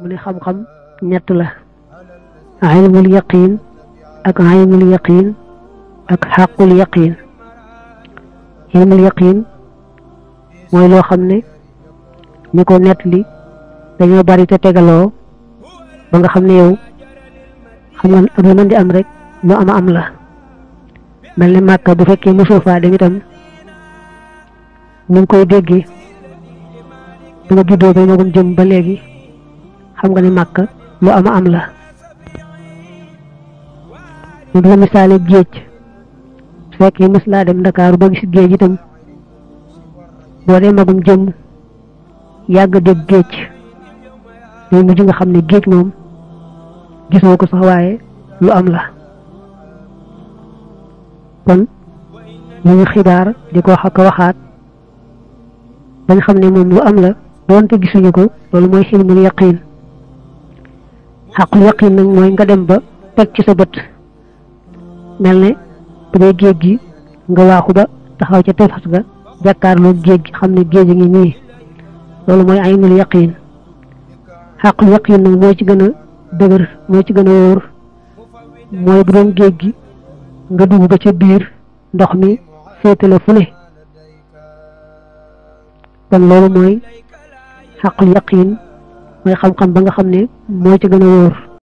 مني خم خم نتلا علم اليقين أك علم اليقين أك حق اليقين علم اليقين ما يلو خمني نيكو نتلي دنيو باري تتغلو بانغ خمني يو خمان أبنان دي أمريك مو أما أملا ملن ماكا بفكي مشوفا دمتم ننكو يدقي بنا جدو بنا جمبالي xam nga ne màkk lu ama am la mu di la misaale géej fekkee mës laa dem ndakaaru ba gis géej itam boo dee magum jëm yàgg dégg géej day mujj nga xam ne géej moom gisoo ko sax waaye lu am la kon ñu ngi xibaar di ko xakk waxaat bañ xam ne moom lu am la doonte gisuñu ko loolu mooy xilmul yaqiin xaqul yaqin nag mooy nga dem ba teg sa bët mel ne bu géej gi nga waaxu ba taxaw ca tefas ga jàkkaarloo géej gi xam ne géej a ngi nii loolu mooy aynul yaqin xaqul yaqin nag moo ci gën a dëgër moo ci gën a wóor mooy bu doon géej gi nga dugg ba ca biir ndox mi féete la fu ne kon loolu mooy xaqul yaqin mooy xam-xam ba nga xam ne moo ci gën